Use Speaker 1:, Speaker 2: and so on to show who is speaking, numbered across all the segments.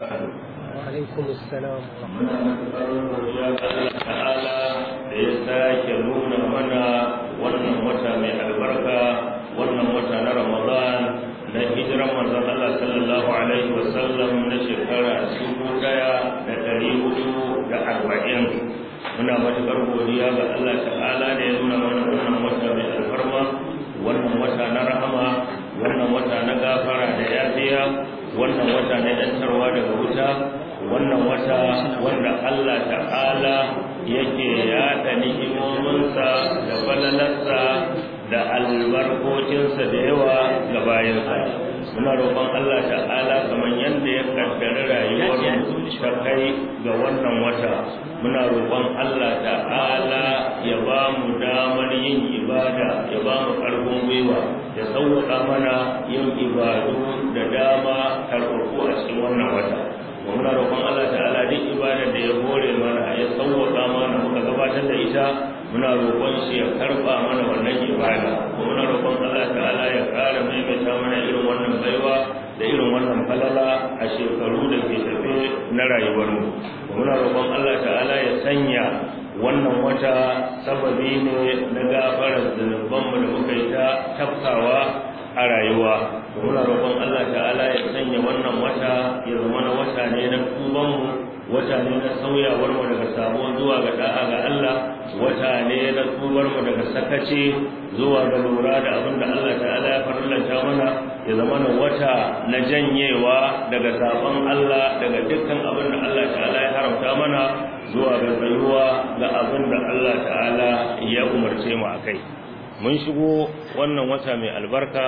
Speaker 1: alaikum assalam ta'ala da ya sake nuna mana wannan wata mai albarka wannan wata na ramadan na hijiran manzon Allah sallallahu alaihi wasallam na shekara 1440 muna matuƙar godiya ga Allah ta'ala da ya nuna mana wannan wata mai alfarma wannan wata na rahma wannan wata na gafara da yafiya wannan wata na dantarwa daga wuta wannan wata wanda Allah ta'ala yake yada ni'imominsa da falalarsa da albarkocinsa da yawa ga bayansa muna roƙon Allah ta'ala kamar yadda ya kaddara rayuwar ta kai ga wannan wata muna roƙon Allah ta'ala ya ba mu damar yin ibada ya ba mu ƙarfin gwiwa ya sauƙa mana yin ibadu da dama karɓarku a cikin wannan wata muna roƙon Allah ta'ala duk ibadar da ya hore mana ya sauƙa mana muka gabatar da ita muna roƙon shi ya karɓa mana wannan ibada ko muna roƙon Allah ta'ala ya ƙara maimaita mana irin wannan baiwa da irin wannan falala a shekaru da ke tafe na rayuwarmu ko muna roƙon Allah ta'ala ya sanya wannan wata sababi ne na gafarar mu da muka yi ta tafkawa a rayuwa muna roƙon Allah ta'ala ya sanya wannan wata ya zama wata ne na mu. wata ne na sauyawar mu daga sabo zuwa ga da'a ga Allah wata ne na kubar mu daga sakaci zuwa ga lura da abin da Allah ta'ala ya farlanta mana ya zama na wata na janyewa daga sabon Allah daga dukkan abin da Allah ta'ala ya haramta mana zuwa ga tsayuwa ga abin da Allah ta'ala ya umarce mu akai mun shigo wannan wata mai albarka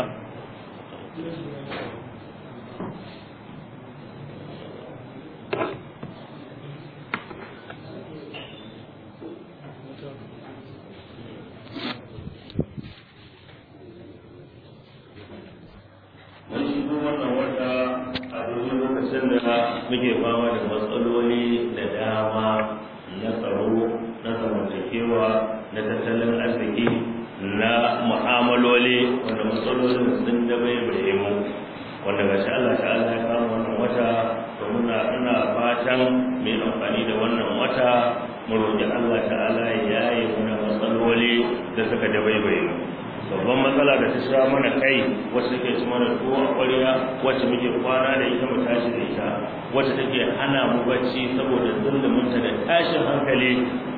Speaker 1: Ana mu bacci saboda mun da tashin hankali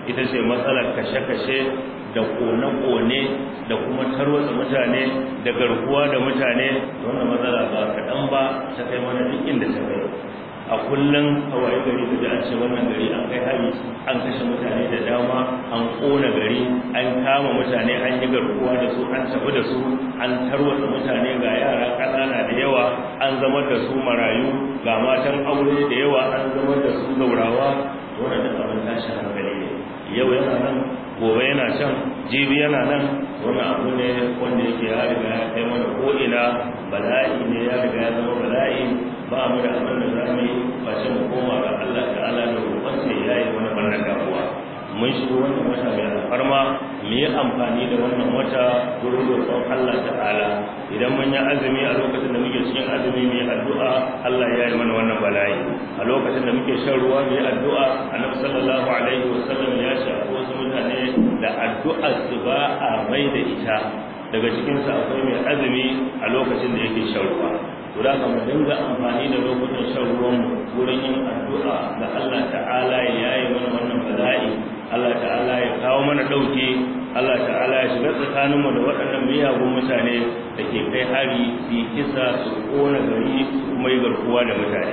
Speaker 1: ita ce matsalar kashe-kashe da kone-kone da kuma tarwatsa mutane da garkuwa da mutane wannan matsala ba kaɗan ba ta kai mana duk da ta kai a kullum a waye gari da an ce wannan gari an kai hari an kashe mutane da dama an kona gari an kama mutane an yi garkuwa da su an tafi da su an tarwata mutane ga yara ƙanana da yawa an zama da su marayu ga matan aure da yawa an zama da su gaurawa wannan da abin tashi gari ne yau yana nan gobe yana can jibi yana nan wani abu ne wanda yake ya riga ya kai mana ko'ina bala'i ne ya riga ya zama bala'i ba mu da abin da za mu yi face mu koma ga Allah ta'ala da roƙon sai ya yi wani barna kafuwa mun shigo wannan wata mai alfarma mu yi amfani da wannan wata gurin roƙon Allah ta'ala idan mun yi azumi a lokacin da muke cikin azumi mu yi addu'a Allah ya yi mana wannan bala'i a lokacin da muke shan ruwa mu yi addu'a annabi sallallahu alaihi wasallam ya shafi wasu mutane da addu'a su ba a mai da ita daga cikinsa akwai mai azumi a lokacin da yake shan ruwa kula ga mu dinga amfani da lokutan shan ruwan wurin yin addu'a da Allah ta'ala ya yayi mana wannan bala'i Allah ta'ala ya kawo mana dauke Allah ta'ala ya shiga tsakanin mu da waɗannan miyagun mutane da ke kai hari su kisa su kona gari kuma garkuwa da mutane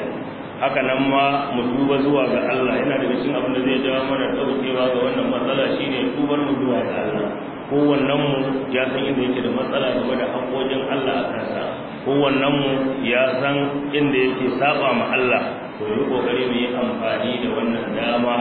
Speaker 1: haka nan ma mu duba zuwa ga Allah yana da cikin abin da zai jawo mana daukewa ga wannan matsala shine tubar mu zuwa ga Allah kowannen mu ya san inda yake da matsala game da haƙoƙin Allah a kansa mu ya san inda yake saba ma Allah to yi kokari mu yi amfani da wannan dama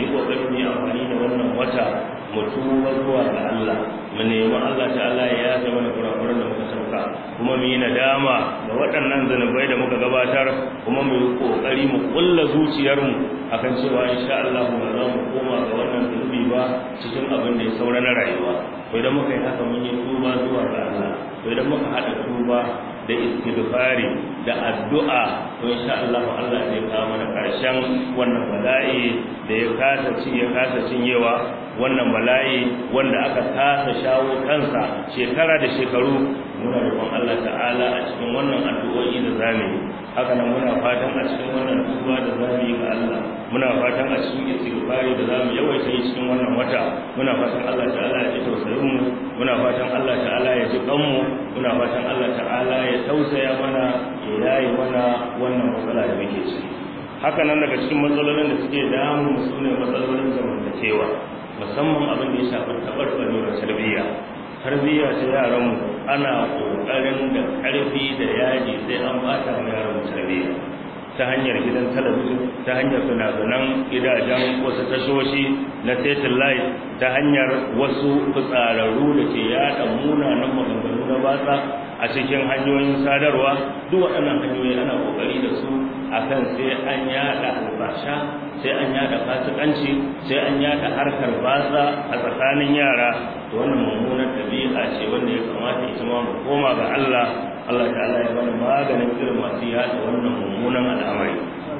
Speaker 1: yi kokari mu yi amfani da wannan wata mu tuba zuwa ga Allah mu nemi Allah ta'ala ya yafe mana kurakuran da muka sauka kuma mu yi nadama da waɗannan zanubai da muka gabatar kuma mu yi kokari mu kulla zuciyarmu akan cewa insha Allah ba za mu koma ga wannan zunubi ba cikin abin da ya saura na rayuwa to idan muka yi haka mun yi tuba zuwa ga Allah to idan muka haɗa tuba da istighfari da addu'a to insha Allah Allah zai kawo mana karshen wannan bala'i da ya kasa ci ya kasa cinyewa wannan bala'i wanda aka kasa shawo kansa shekara da shekaru muna roƙon Allah ta'ala a cikin wannan addu'o'i da zamu yi haka nan muna fatan a cikin wannan duba da za mu yi ga Allah muna fatan a cikin istighfari da za mu yawaita yi cikin wannan wata muna fatan Allah ta'ala ya ji tausayin mu muna fatan Allah ta'ala ya ji kan mu muna fatan Allah ta'ala ya tausaya mana ya yayi mana wannan matsala da muke ciki haka nan daga cikin matsalolin da suke damu su ne matsalolin zamantakewa musamman abin da ya shafi da tarbiyya tarbiyya ta yaran mu ana kokarin da karfi da yaji sai an bata yaran tarbiyya ta hanyar gidan talabijin ta hanyar sunazunan gidajen wasu tashoshi na setin lai ta hanyar wasu fitsararru da ke yada munanan maganganu na batsa a cikin hanyoyin sadarwa duk waɗannan hanyoyi ana kokari da su akan sai an yada albasha sai an yada fasikanci sai an yada harkar batsa a tsakanin yara to wannan mummunar dabi'a ce wanda ya kamata ita ma mu koma ga Allah Allah ta'ala ya bani maganin irin masu yada wannan mummunan al'amari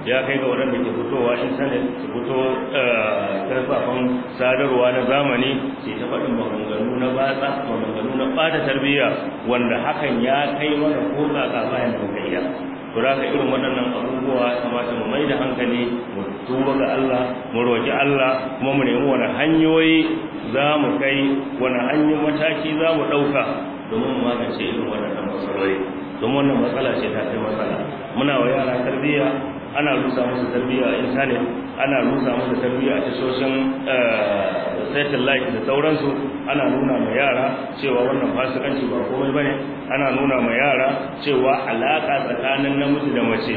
Speaker 1: ya kai ga waɗanda ke fitowa intanet su fito eh, karfafan sadarwa na zamani sai ta faɗin maganganu na batsa maganganu na ɓata tarbiyya wanda hakan ya kai mana ko tsaka bayan kokayya kura ka irin waɗannan abubuwa kamata mu mai da hankali mu tuba ga Allah mu roƙi Allah kuma mu nemi wani hanyoyi za mu kai wani hanyoyi mataki za mu ɗauka domin mu magance irin waɗannan matsaloli domin wannan matsala ce ta kai matsala muna wa yara tarbiyya ana rusa musu tarbiyya a intanet ana rusa musu tarbiyya a tashoshin eh, satellite da sauransu ana nuna ma yara cewa wannan fasikanci ba komai bane ana nuna ma yara cewa alaƙa tsakanin namiji da mace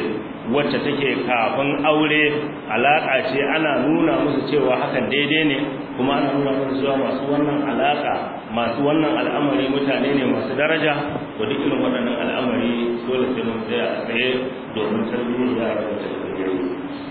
Speaker 1: wacce take kafin aure alaka ce ana nuna musu cewa hakan daidai ne kuma ana nuna musu cewa masu wannan alaka masu wannan al'amari mutane ne masu daraja ko duk irin waɗannan al'amari dole sai mun tsaya a tsaye domin tarbiyya da wata tarbiyya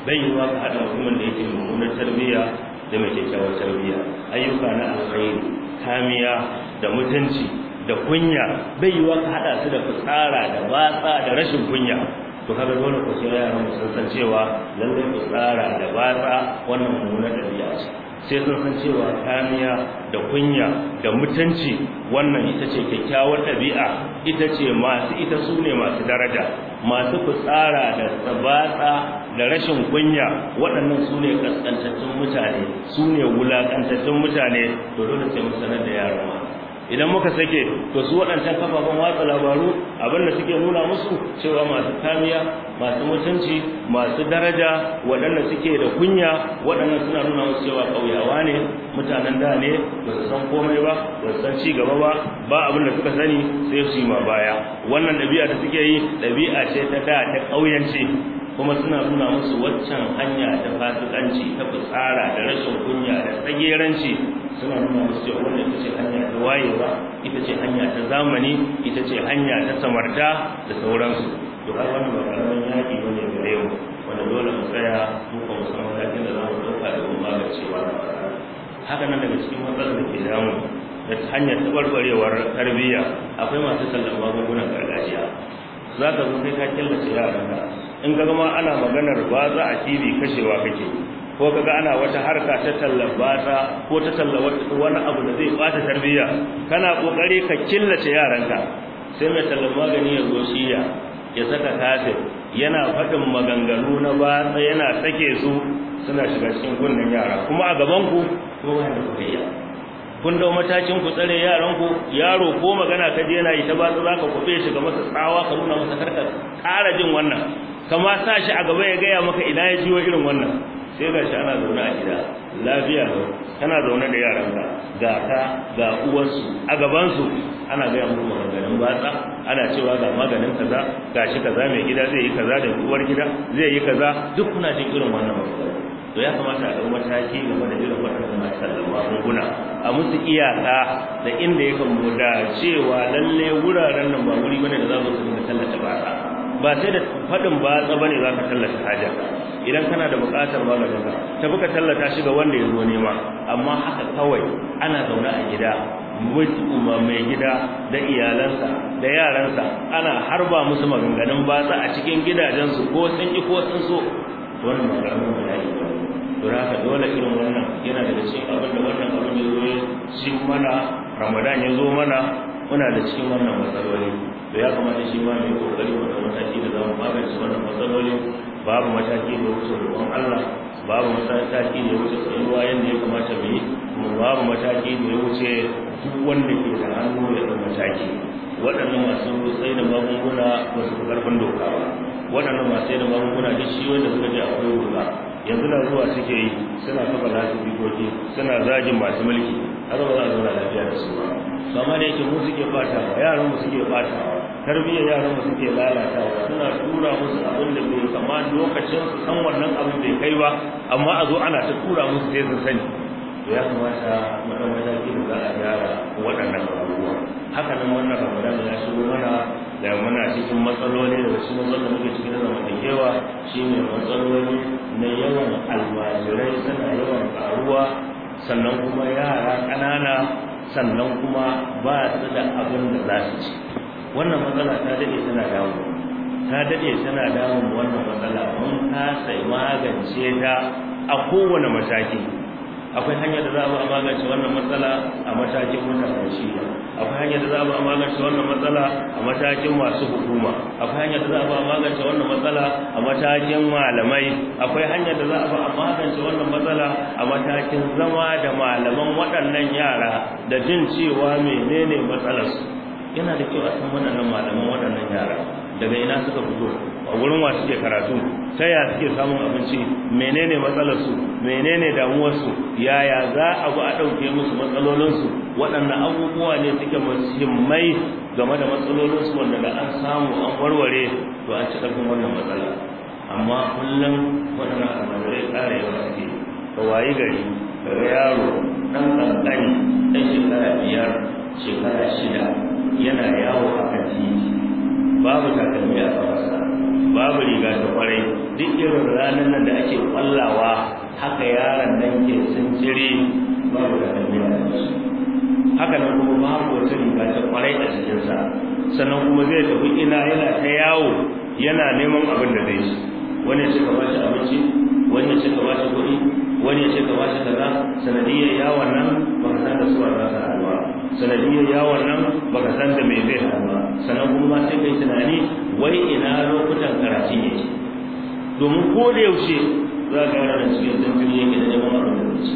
Speaker 1: bai yi wa haɗa mutumin da yake mummunar tarbiyya da mai kyakkyawar tarbiyya ayyuka na alkhairi kamiya da mutunci da kunya bai yi wa haɗa su da fitsara da batsa da rashin kunya to kaga dole ku sai yaran mu san san cewa lalle ku tsara da batsa wannan mummunar dabi'a ce sai sun san cewa kamiya da kunya da mutunci wannan ita ce kyakkyawar dabi'a ita ce masu ita su ne masu daraja masu ku tsara da batsa da rashin kunya waɗannan su ne kaskantattun mutane su ne wulaƙantattun mutane to dole sai mu sanar da yaran idan muka sake to su waɗancan kafafen watsa labaru abinda da suke nuna musu cewa masu kamiya masu mutunci masu daraja waɗanda suke da kunya waɗannan suna nuna musu cewa ƙauyawa ne mutanen da ne ba su san komai ba ba su san ci gaba ba ba abin da suka sani sai su yi ma baya wannan ɗabi'a da suke yi ɗabi'a ce ta da ta ƙauyanci kuma suna nuna musu waccan hanya ta fasikanci ta fitsara da rashin kunya da tsageranci suna nuna musu cewa wannan ita ce hanya ta wayewa ita ce hanya ta zamani ita ce hanya ta samarta da sauransu to har wannan ba karamin yaƙi bane gare mu wanda dole mu tsaya mu kuma mu san matakin da za mu ɗauka da mu magancewa haka nan daga cikin matsalar da ke damu da hanyar tabarbarewar tarbiyya akwai masu sallan magungunan gargajiya za ka zo kai ka killace yaranka in ka gama ana maganar ba za a tv kashewa kake ko kaga ana wata harka ta tallabata ko ta tallawata wani abu da zai bata tarbiyya kana kokari ka killace yaranka sai mai tallan magani ya gosiya ya saka kafir yana faɗin maganganu na batsa yana sake su suna shiga cikin gunnan yara kuma a gaban ku ko wanda ku iya kun dau matakin ku tsare yaran ku yaro ko magana ka je yana yi ta su zaka kube shi ga masa tsawa ka nuna masa karkar ƙara jin wannan kama sa shi a gaba ya gaya maka ina ya jiwo irin wannan sai ga shi ana zaune a gida lafiya kana zaune da yaranka ga ta ga uwansu a gabansu ana gaya muku maganganun batsa ana cewa ga maganin kaza ga shi kaza mai gida zai yi kaza da uwar gida zai yi kaza duk kuna jin irin wannan to ya kamata a ɗau mataki game da irin waɗannan matsalar a musu iyaka da inda ya mu da cewa lalle wuraren nan ba wuri bane da za mu dinga tallata ba ba sai da faɗin ba ne za ka tallata haja idan kana da buƙatar maganin ka ta ka tallata shi ga wanda ya zo nema amma haka kawai ana zaune a gida mutum mai gida da iyalansa da yaransa ana harba musu maganganun batsa a cikin gidajen su ko sun ki ko sun so wannan maganganun bala'i to haka dole irin wannan yana daga cikin abin da wannan abin ya zo shi mana ramadan ya zo mana muna da cikin wannan matsaloli to ya kamata shi ma mai kokari wannan mataki da zamu fara magance wannan matsaloli babu mataki da wuce roƙon Allah babu mataki da wuce tsayuwa yadda ya kamata mu yi kuma babu mataki da ya wuce duk wanda ke da hannu ya ɗau mataki waɗannan masu sai da magunguna ba su karfin doka ba waɗannan masu sai da magunguna duk shi wanda suka je akwai doka yanzu na zuwa suke yi suna kafa lasu bikoki suna zagin masu mulki har ba za a zauna lafiya da su ba amma da yake mu suke fata yaran mu suke fata tarbiyyar yaran mu suke lalatawa suna tura musu abin da bai kama lokacin su san wannan abin bai kai ba amma a zo ana ta tura musu sai su sani to ya kamata mu dan mataki da za a gyara waɗannan abubuwa haka nan wannan Ramadan ya shigo mana da muna cikin matsaloli da wasu matsalolin da muke cikin zamantakewa shine matsaloli na yawan almajirai suna yawan ƙaruwa sannan kuma yara ƙanana sannan kuma ba su da abin da za su ci wannan matsala ta dade tana dawo ta dade tana dawo wannan matsala mun sai magance ta a kowane mataki akwai hanyar da za a magance wannan matsala a matakin mutanen akwai hanyar da za a magance wannan matsala a matakin masu hukuma akwai hanyar da za a magance wannan matsala a matakin malamai akwai hanyar da za a magance wannan matsala a matakin zama da malaman waɗannan yara da jin cewa menene matsalarsu yana da kyau a san waɗannan malaman waɗannan yara daga ina suka fito a wurin wasu ke karatu ta ya suke samun abinci menene matsalarsu menene damuwarsu yaya za a a ɗauke musu matsalolinsu waɗannan abubuwa ne suke muhimmai game da matsalolinsu wanda da an samu an warware to an ci ƙarfin wannan matsala amma kullum waɗannan almajirai ƙara yawa suke ka wayi gari yaro ɗan ƙanƙani ɗan shekara biyar shekara shida yana yawo a kan titi babu takalmi a kansa babu riga ta kwarai duk irin ranar nan da ake kwallawa haka yaron nan ke tsire babu takalmi a kansa haka nan kuma babu wata riga ta kwarai a cikinsa sannan kuma zai tafi ina yana ta yawo yana neman abin da zai ci wani ya ci ka bashi abinci wani ya ci ka bashi kuɗi wani ya ce ka shi kaza sanadiyar yawon nan ka san da suwar za ta Sanadiyya sanadiyar yawon nan ka san da mai zai haɗuwa sannan kuma sai kai tunani wai ina lokutan karatu ne domin ko da yaushe za ka yi rana cikin zafin yake da neman abin da ci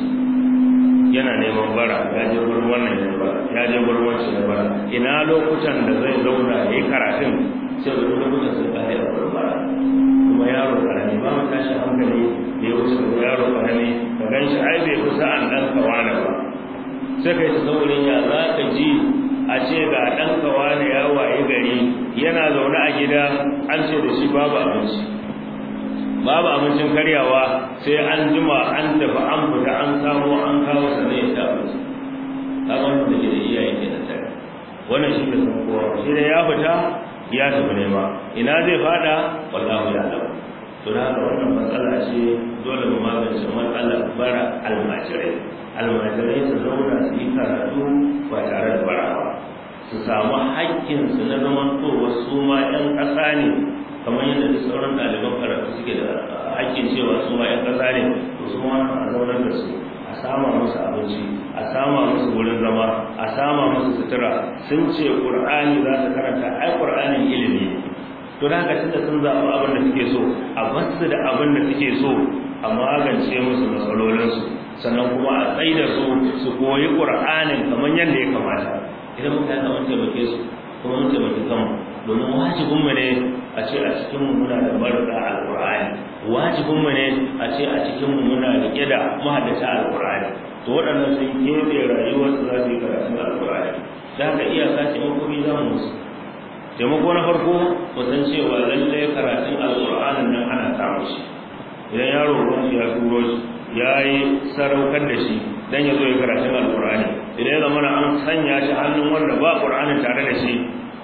Speaker 1: yana neman bara ya je wurin wannan ya bara ya je wurin wancan ya bara ina lokutan da zai zauna ya yi karatun sai da lokutan sun kare a wurin bara wa yaro karami ba mu tashi hankali da ya wuce yaro karami ka gan shi ai bai kusa an dan kawana ba sai kai ta saurin ya za ka ji a ce ga dan kawana ya waye gari yana zaune a gida an ce da shi babu abinci babu abincin karyawa sai an jima an tafi an fita an kawo an kawo sannan ya ta abinci kaga wanda ke da iyaye ke da tsari wannan shi ne kowa shi da ya fita ya tafi nema ina zai fada ya ya'lam to da haka wannan matsala ce dole mu magance matsalar bara almajirai almajirai su zauna su yi karatu ba tare da bara ba su samu haƙƙinsu na zamantowa wasu ma 'yan ƙasa ne kamar yadda da sauran ɗaliban karatu suke da haƙƙin cewa su ma 'yan ƙasa ne to su ma a zaunar da su a sama musu abinci a sama musu wurin zama a sama musu sutura sun ce qur'ani za ta karanta ai qur'anin ilimi to da haka tunda sun zabi abin da suke so a basu da abin da suke so a magance musu matsalolinsu sannan kuma a tsaida su su koyi qur'anin kamar yadda ya kamata idan mutane yi kamar taimake su kuma mun taimake kanmu domin wajibin mu ne a ce a cikin mu muna da barka alqur'ani wajibin mu ne a ce a cikin mu muna rike da muhaddasa alqur'ani to waɗannan sun kebe rayuwar su za su yi karatun alqur'ani da haka iyaka ce mu kuma za mu taimako na farko mu san cewa lallai karatun alqur'ani nan ana samu shi idan yaro ruwan ya turo shi ya yi da shi dan ya zo ya karatu alqur'ani idan ya zama an sanya shi hannun wanda ba qur'ani tare da shi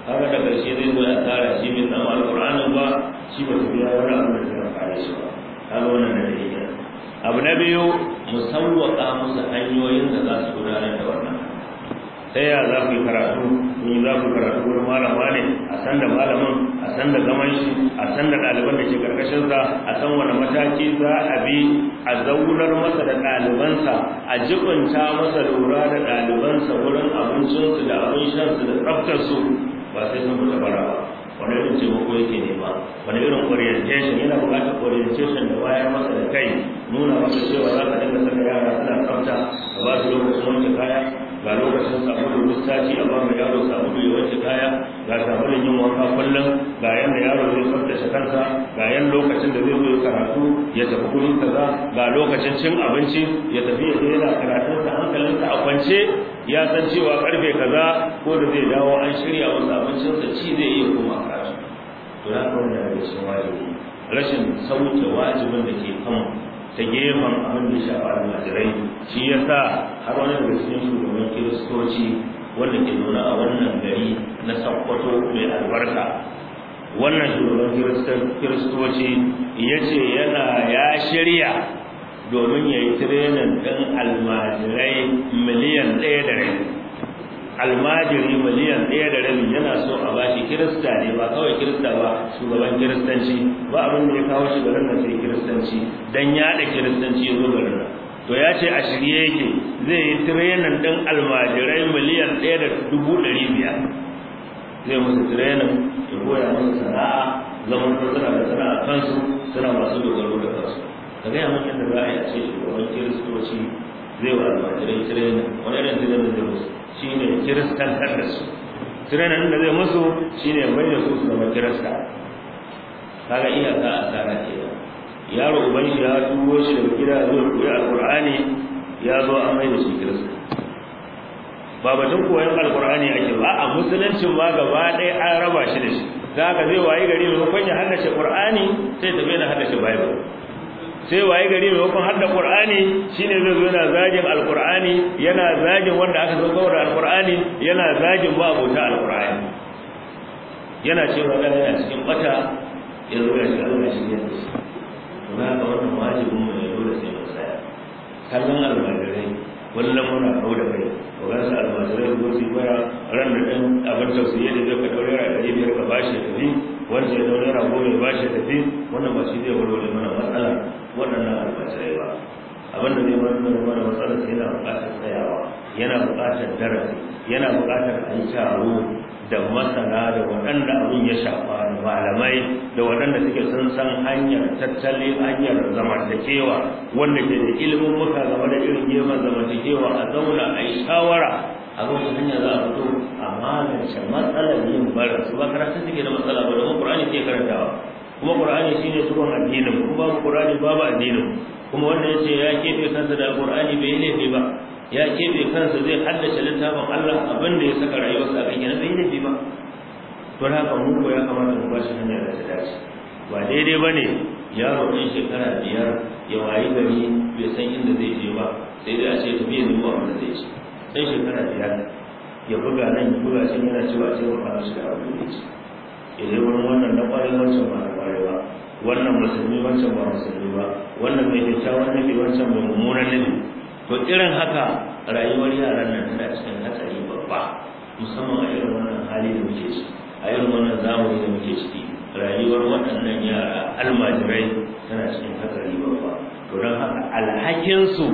Speaker 1: kaga da ƙarshe zai zo ya tara shi min nan alqur'anin ba shi ba su biya wani abu da ya fara shi ba kaga wannan da yake kenan abu na biyu musawwaka musu hanyoyin da za su gudanar da wannan ta ya za ku yi karatu ni za ku karatu wani malama ne a san da malamin a san da zaman shi a san da ɗaliban da ke karkashin sa a san wani mataki za a bi a zaunar masa da ɗalibansa a jibinta masa lura da ɗalibansa wurin abincinsu da abin shansu da tsaftarsu ba sai sun fita bara ba wani irin yake nema wani irin orientation yana buƙatar orientation da wayar masa da kai nuna masa cewa za ka dinga saka yara suna tsafta a ba su lokacin wanke kaya ga lokacin sabulu lissafi a ba mu yaro sabulu ya wanke kaya ga sabulun yin wanka kullum ga yanda yaro zai tsaftace kansa ga yan lokacin da zai zo karatu ya tafi gurin kaza ga lokacin cin abinci ya tafi ya je yana karatunsa hankalinsa a kwance ya san cewa karfe kaza ko da zai dawo an shirya masa da ci zai iya kuma kashi to na kawo da rashin wajibi rashin sauke wajibin da ke kan ta gefen abin da shafa almajirai shi ya sa har wani daga cikin shugaban kiristoci wanda ke nuna a wannan gari na sakkwato mai albarka wannan shugaban kiristoci ya ce yana ya shirya domin ya yi trenin ɗin almajirai miliyan ɗaya da rai almajiri miliyan ɗaya da rabi yana so a shi kirista ne ba kawai kirista ba shugaban kiristanci ba abin da ya kawo shi garin nan sai kiristanci dan da kiristanci zo garin nan to ya ce a shirye yake zai yi trenin ɗin almajirai miliyan ɗaya da dubu ɗari biyar zai musu trenin ya koya musu sana'a zaman suna da sana'a kansu suna masu dogaro da kansu ka gaya mun yadda za a yi ce shugaban kiristoci zai wa almajirai tirena wani irin tirena da musu shi ne kiristan da su tirena da zai musu shi ne mai da su su zama kirista kaga ka a tsara kenan yaro uban shi ya turo shi daga gida zuwa koyi alqur'ani ya zo an mai da shi kirista ba batun koyon alkur'ani ake ba a musuluncin ma gaba ɗaya an raba shi da shi za ka zai wayi gari maimakon ya hannashe ƙurani sai tafi na hannashe bible sai waye gari mai hukun hadda qur'ani shine zai zo yana zagin alqur'ani yana zagin wanda aka zo saboda alqur'ani yana zagin ba abota alqur'ani yana cewa dan yana cikin bata ya zo ya shiga Allah shi ya shi kuma ga wannan wajibin mu ne dole sai mu tsaya kallon almajirai wallan muna da kai to ga su almajirai ko sai bara ran da dan abin yi da zai ka daure a da biyar ka bashi da wanda ya daure rago mai bashi tafi wannan ba shi zai warware mana matsala waɗannan almajirai ba abin da zai nuna mana matsala sai yana buƙatar tsayawa yana buƙatar darasi yana buƙatar an taro da masana da waɗanda abin ya shafa da malamai da waɗanda suke sun san hanyar tattali hanyar zamantakewa wanda ke da ilimin muka game da irin gefen zamantakewa a zauna a yi shawara a wata hanya za a fito a magance matsalar yin bara su ba karatun suke da matsala ba domin qur'ani ke karantawa kuma qur'ani shine sukan addinin kuma babu qur'ani babu addinin kuma wanda yace ya kebe kansa da qur'ani bai laifi ba ya kebe kansa zai haddace littafin Allah abin da ya saka rayuwarsa a kan bai laifi ba to haka mu ko ya kamata mu bashi hanyar da ta dace ba daidai bane yaro ɗan shekara biyar ya wayi gari bai san inda zai je ba sai dai a ce tafi yanzu ba wanda zai je sai shekara biyar ya buga nan ya buga shi yana cewa sai wa fara shiga abu ne ce ya zai wannan na kwarewa wancan ba na kwarewa wannan musulmi wancan ba musulmi ba wannan mai wannan nabi wancan ba mummunan nabi to irin haka rayuwar yaran nan tana cikin hatsari babba musamman a irin wannan hali da muke ciki a irin wannan zamani da muke ciki rayuwar waɗannan yara almajirai tana cikin hatsari babba to don haka alhakinsu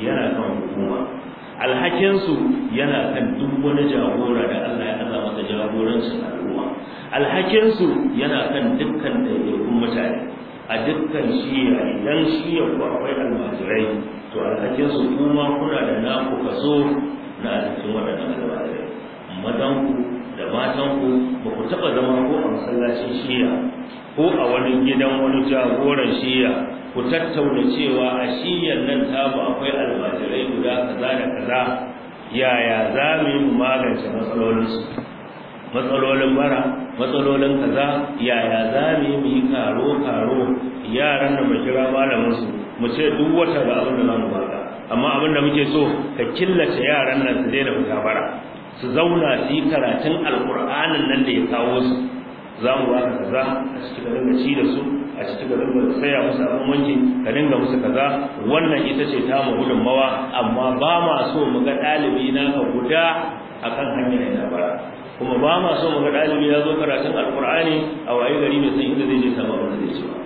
Speaker 1: yana kan hukuma alhakinsu yana kan duk wani jagora da Allah ya aza masa jagorancin ruwa. alhakinsu yana kan dukkan ɗaiɗaikun mutane a dukkan shiya idan shiya ku akwai almajirai to alhakinsu kuma kuna da naku kaso na alhakin waɗannan almajirai matanku da matanku ba ku taɓa zama ko a masallacin shiya ko a wani gidan wani jagoran shiya ku tattauna cewa a shiyar nan tamu akwai almajirai guda kaza da kaza yaya za mu yi magance matsalolinsu matsalolin bara, matsalolin kaza yaya za mu yi mu yi karo karo yaran da mu kira malamin su mu ce duk wata ga abin da za mu baka amma abin da muke so ka killace yaran nan su daina fita bara su zauna su yi karatun alƙur'anin nan da ya kawo su za mu ba ka kaza a cikin ka dinga ci da su a cikin ka dinga saya musu abin wanki ka dinga musu kaza wannan ita ce ta mu gudunmawa amma ba ma so mu ga ɗalibi na ka guda akan hanyar yana ba kuma ba ma so mu ga ɗalibi ya zo karatun alkur'ani a waye gari mai san inda zai je sama wanda zai ci ba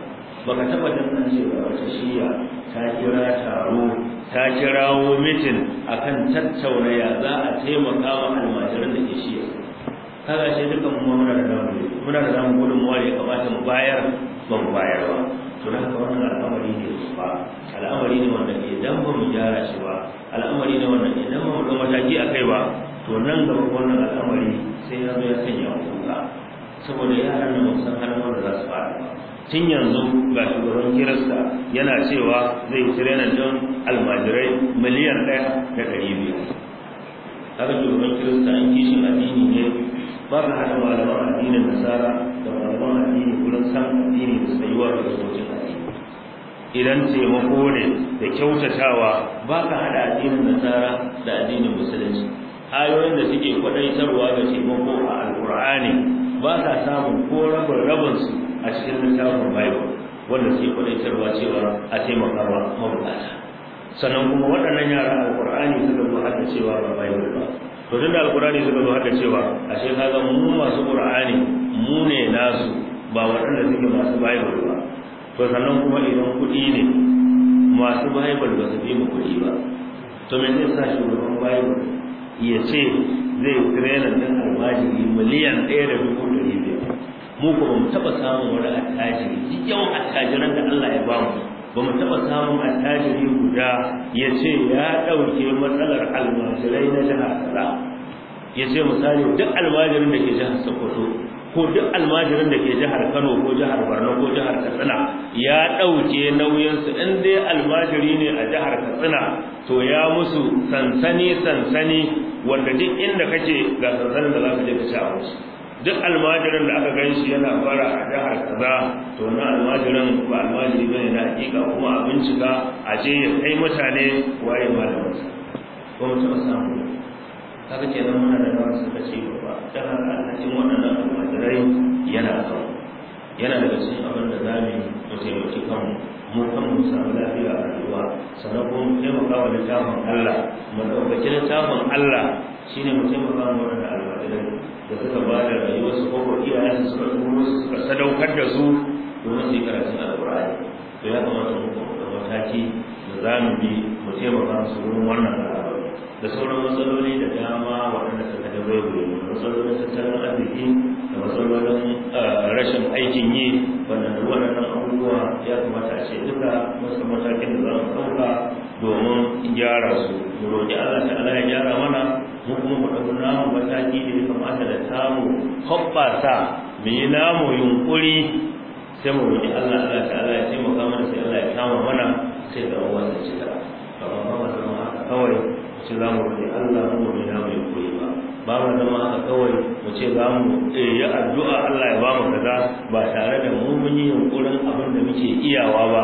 Speaker 1: baka taɓa dannan cewa wata shiya ta kira taro ta kirawo mitin akan tattauna ya za a taimaka wa almajiran da ke shiya kaga ashe dukkan mu muna da dawo muna da namu gudun mu ya kamata mu bayar ba mu bayar ba to haka wannan al'amari ne ba al'amari ne wanda dan ba mu jara shi ba al'amari ne wanda ke ba mu ɗau mataki a kai ba to nan gaba wannan al'amari sai ya zo ya sanya kuka saboda yaran nan san har ma da za su fara tun yanzu ga shugaban kirista yana cewa zai tirenan don almajirai miliyan ɗaya da ɗari biyar haka shugaban kirista an kishin addini ne ba ka hada malaman addinin nasara da malaman addini kullum san addini da tsayuwa da sojin addini idan taimako ne da kyautatawa ba ka hada addinin nasara da addinin musulunci ayoyin da suke kwadaitarwa da taimako a alkur'ani ba ka samun ko rabin rabin a cikin littafin bible wanda suke kwadaitarwa cewa a taimakawa mabukata sannan kuma waɗannan yaran alkur'ani suka zo hada cewa ba bible ba to tun da alkurani suka zo haka cewa ashe ga mu masu qur'ani mu ne nasu ba waɗanda suke masu bible ba to sannan kuma idan kuɗi ne masu bible ba su fi mu kuɗi ba to me zai sa shugaban bible ya ce zai kirena ɗin almajiri miliyan ɗaya da dubu ɗari biyar mu kuma mu taɓa samun wani attajiri duk yawan attajiran da Allah ya ba mu ba mu taɓa samun attajiri guda ya ce ya ɗauke matsalar almajirai na jihar kaza ya ce misali duk almajirin da ke jihar sokoto ko duk almajirin da ke jihar kano ko jihar borno ko jihar katsina ya ɗauke nauyinsu in dai almajiri ne a jihar katsina to ya musu sansani sansani wanda duk inda kake ga sansanin da za ka je ka ci a musu duk almajirin da aka gan shi yana fara a jihar kaza to na almajirin ba almajiri bane hakika kuma a bincika a je ya kai mutane waye da malamansa ko mutum samu kaga kenan muna da nawa suka ce ba dan da alhakin waɗannan dare yana kan yana daga cikin abin da za mu taimaki kanmu mu kan mu samu lafiya a rayuwa sannan kuma mu taimaka wa littafin Allah mu ɗaukaki littafin Allah shine mu taimaka wa waɗannan almajirai da suka ba da rayuwarsu ko ko iyayensu suka turo suka sadaukar da su domin su yi karatun al'adu. to ya kamata mu da mataki da za mu bi mu taimaka su wurin wannan al'amari da sauran matsaloli da dama waɗanda suka da bai matsalolin tattalin arziki da matsalolin ah, rashin aikin yi wannan waɗannan abubuwa ya kamata a ce duka masu matakin da za mu ɗauka domin gyara su mu roƙi Allah ta'ala ya gyara mana mu kuma mu ɗauki namu mataki da ya kamata da samu hoɓɓasa mu yi namu yunƙuri sai mu ji Allah Allah ta'ala ya taimaka mana sai Allah ya kama mana sai da wannan cigaba amma ba mu zama haka kawai mu ce za mu roƙi Allah eh, mu ji na mai koyi ba ba mu zama haka kawai mu ce za mu yi addu'a Allah ya ba mu kaza ba tare da mu mun yi yunkurin abin da muke iyawa ba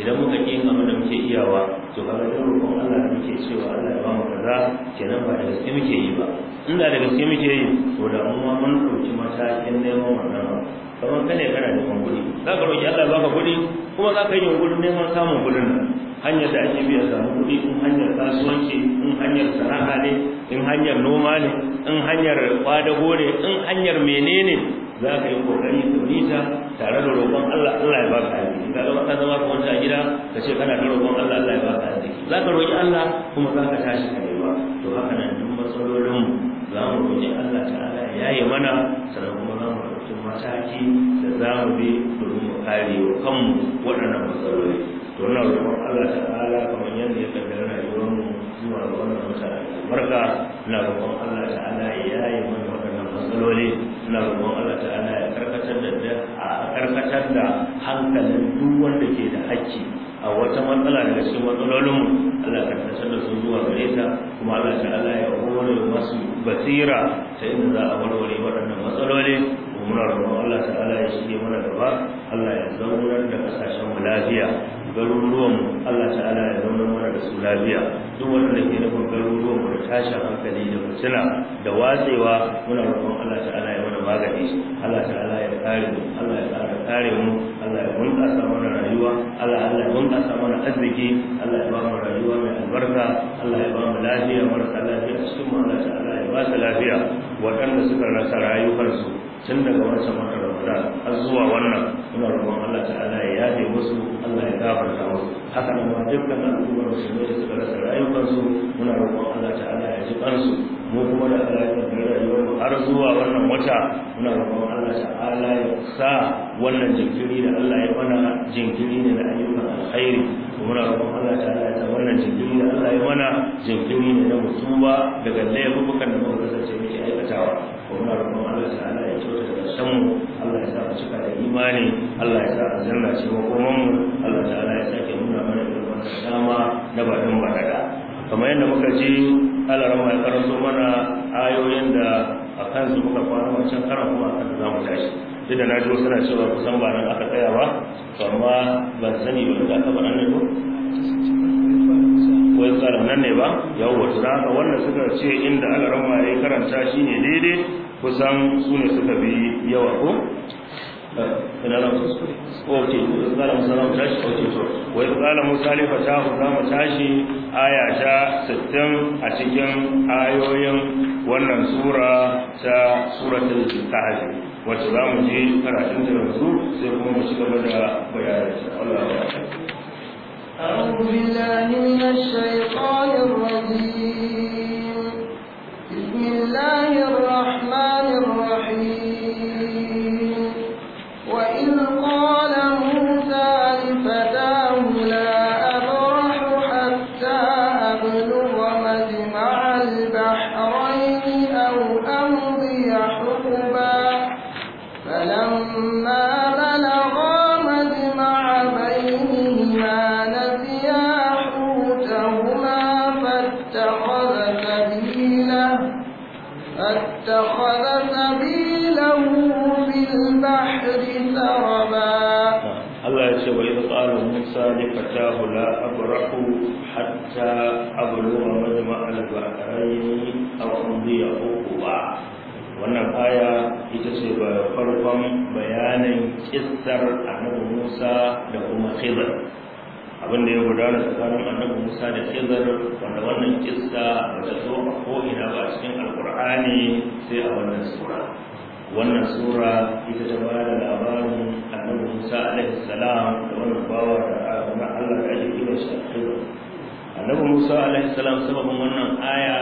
Speaker 1: idan muka yin abin da muke iyawa to kaga da roƙon Allah da muke cewa Allah ya ba mu kaza kenan ba da gaske muke yi ba inda da gaske muke yi to da mu ma mun ɗauki matakin neman wannan kamar kane kana da kuɗi za ka roƙi Allah ya baka kuɗi kuma za ka yi yunkurin neman samun kuɗin nan hanyar da ake biya samu kuɗi in hanyar kasuwanci in hanyar sana'a ne in hanyar noma ne in hanyar kwadago ne in hanyar menene za ka yi kokari ka bi ta tare da roƙon Allah Allah ya baka aiki ka ga ka zama ka wanda gida ka ce kana da roƙon Allah Allah ya baka aiki za ka roƙi Allah kuma za ka tashi ka nema to haka nan duk matsalolin za mu roƙi Allah ta'ala ya yi mana sannan kuma za mu ɗauki mataki da za mu bi domin mu kare wa kanmu waɗannan matsaloli to na roƙon Allah ta'ala kamar yadda ya kaddara rayuwar mu zuwa ga wannan wata barka na roƙon Allah ta'ala ya yi mana waɗannan matsaloli na roƙon Allah ta'ala ya karkatar da a karkatar da hankalin duk wanda ke da hakki a wata matsala daga cikin matsalolinmu Allah ka tasar da su zuwa gare ta kuma Allah ta Allah ya hore masu basira ta inda za a warware waɗannan matsaloli muna roƙon Allah ta Allah ya shige mana gaba Allah ya zaunar da kasashen mu lafiya garuruwan Allah ta'ala ya zama mana da su lafiya duk wanda ke nufin garuruwan mu da tashin hankali da fitina da watsewa muna roƙon Allah ta'ala ya mana magani Allah ta'ala ya kare mu Allah ya kare kare mu Allah ya bunƙasa mana rayuwa Allah Allah ya bunƙasa mana arziki Allah ya ba mu rayuwa mai albarka Allah ya ba mu lafiya ta lafiya cikin mu Allah ta'ala ya ba su lafiya waɗanda suka rasa rayuwarsu tun daga wancan makarar suka zuwa wannan muna roƙon Allah ta'ala ya yafe musu Allah ya gafarta musu haka nan ma dukkan al'ummar musulmai da suka rasa rayukansu muna roƙon Allah ta'ala ya ji kansu mu kuma da Allah ya karbi rayuwar mu har zuwa wannan wata muna roƙon Allah ta'ala ya sa wannan jinkiri da Allah ya mana jinkiri ne da ayyukan alkhairi muna roƙon Allah ta'ala ya sa wannan jinkiri da Allah ya mana jinkiri ne na mutuwa daga laifukan da muka kasance muke aikatawa imani Allah ya sa aljanna shi wa kuma mu Allah ta'ala ya sake nuna mana irin wannan dama na baɗin baɗaɗa kamar yadda muka ji rama ya karanto mana ayoyin da a kansu muka fara wancan karan kuma a kan za mu tashi idan da na ji wasu na cewa kusan ba nan aka tsaya ba to amma ban sani ba da aka faɗa ne ba wai tsarin nan ne ba yau to da haka wannan suka ce inda rama ya karanta shine daidai kusan su ne suka bi yawa ko Wai da musu ko tashi aya sha a cikin ayoyin wannan sura ta suratul tahzib wato zamu ji karatun da su sai kuma mu shiga da bayani فتاه لا أبرح حتى أبلغ مجمع البحرين أو أمضي عقوبا wannan aya ita ce farkon bayanin kissar annabi Musa da kuma Khidr abin da ya gudana tsakanin annabi Musa da Khidr wanda wannan kissa ba ta zo a ko ina ba cikin Alkur'ani sai a wannan sura wannan sura ita ta ba da labarin annabi Musa alaihi salam da wannan bawa da Allah da ake kiran shi annabi Musa alaihi salam sababin wannan aya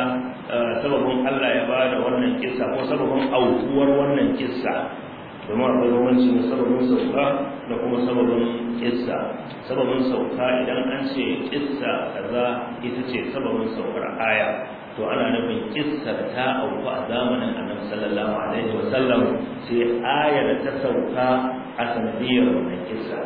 Speaker 1: eh, sababin Allah ya ba da wannan kissa ko sababin aukuwar wannan kissa domin akwai bambanci na sababin sauka da kuma sababin kissa sababin sauka idan an ce kissa kaza ita ce sababin saukar aya to ana nufin kissar ta auku a zamanin annabi sallallahu alaihi wa sallam sai ayar ta sauka a sanadiyar wannan kissa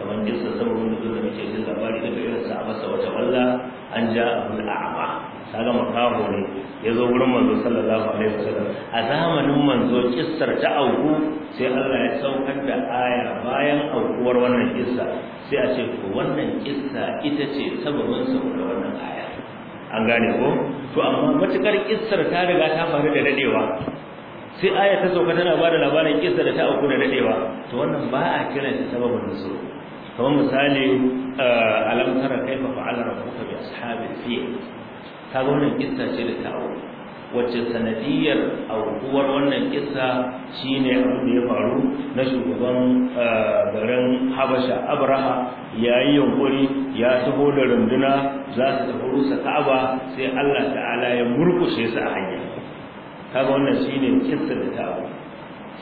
Speaker 1: kamar kissa saboda wanda da muke jin labari daga irin sa masa wata walla an ja abul a'ma kaga makaho ne ya zo wurin manzo sallallahu alaihi wa sallam a zamanin manzo kissar ta auku sai Allah ya saukar da aya bayan aukuwar wannan kissa sai a ce to wannan kissa ita ce sababin saboda wannan aya an gane ko to amma matukar kissar ta riga ta faru da dadewa sai aya ta sauka tana bada labarin kissar da ta auku da dadewa to wannan ba a kiran shi sababin nuzul kamar misali alam tara kaifa fa'ala rabbuka bi ashabi fi ta gona kissa ce da ta auku wacce sanadiyar aukuwar wannan kisa shine abin da ya faru na shugaban eh, garin habasha abraha ya yi yankuri ya taho da runduna za su tafi rusa ka'aba sai allah ta'ala ya murkushe su a hanya kaga wannan shine kisa da ta abu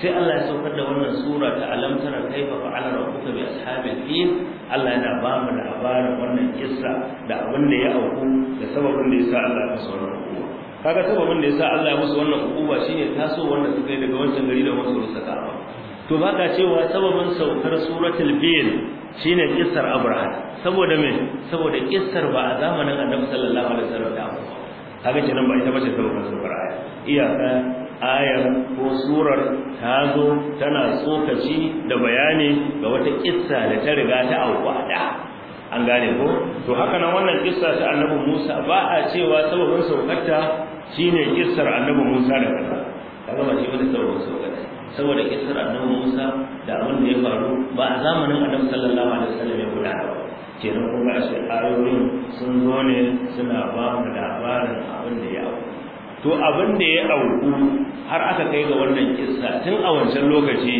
Speaker 1: sai allah ya saukar da wannan sura ta alamtara kaifa fa'ala rabbuka bi ashabil fil allah yana ba mu labarin wannan kisa da abin da ya auku da sababin da ya sa allah ya saurara kaga sababin da yasa Allah ya musu wannan hukuma shine taso wanda suka yi daga wancan gari da wasu saka ba to baka cewa sababin saukar suratul bil shine kissar Abraham saboda me saboda kissar ba a zamanin Annabi sallallahu alaihi wasallam da kaga kenan ba ita bace sababin saukar aya iya ayar ko surar tazo tana tsokaci da bayani ga wata kissa da ta riga ta auku a an gane ko to haka nan wannan kissa ta annabi Musa ba a cewa sababin saukarta shine kissar annabi Musa da kaza kaga ba shi wani sababin saukarta saboda kissar annabi Musa da abin da ya faru ba a zamanin Annabi sallallahu alaihi wasallam ya gudana ba kenan kuma a ayoyin sun zo ne suna ba mu labarin abin da ya auku to abin da ya auku har aka kai ga wannan kissa tun a wancan lokaci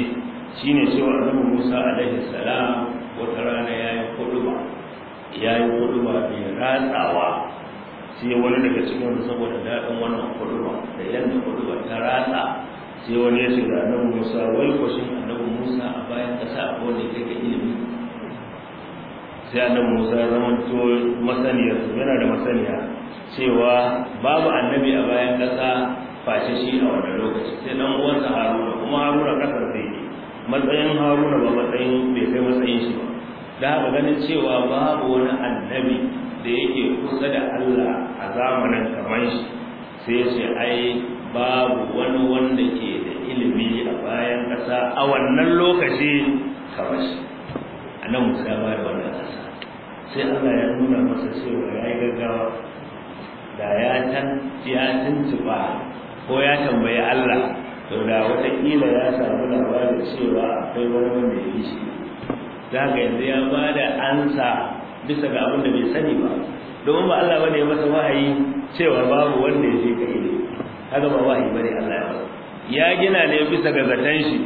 Speaker 1: shine cewa annabi Musa alaihi salam wata rana ya yi kuduma ya yi kuduma mai ratsawa sai wani daga cikin saboda daɗin wannan kuduma da yadda kuduma ta ratsa sai wani ya shiga na musa wai kwashin annabi musa a bayan ƙasa a kowane ya kai ilimi sai annabi musa ya zama to masaniya yana da masaniya cewa babu annabi a bayan ƙasa face shi a wannan lokaci sai dan uwansa haruna kuma haruna kasar zai matsayin haruna ba matsayin da haka ganin cewa babu wani annabi da yake kusa da Allah a zamanin kamar shi sai sai ai babu wani wanda ke da ilimi a bayan kasa a wannan lokaci kamar shi annan musa ba da wannan kasa. sai Allah ya nuna masa cewa ya yi gaggawa da ya ya tuntuba ko ya tambayi Allah to da wataƙila ya samu labarin cewa akwai wani wanda ya yi shi za ka yanzu ya ba da ansa bisa ga abin da bai sani ba domin ba Allah bane ya masa wahayi cewa babu wanda ya je ka ilimi haka ba wahayi bane Allah ya ya gina ne bisa ga zaton shi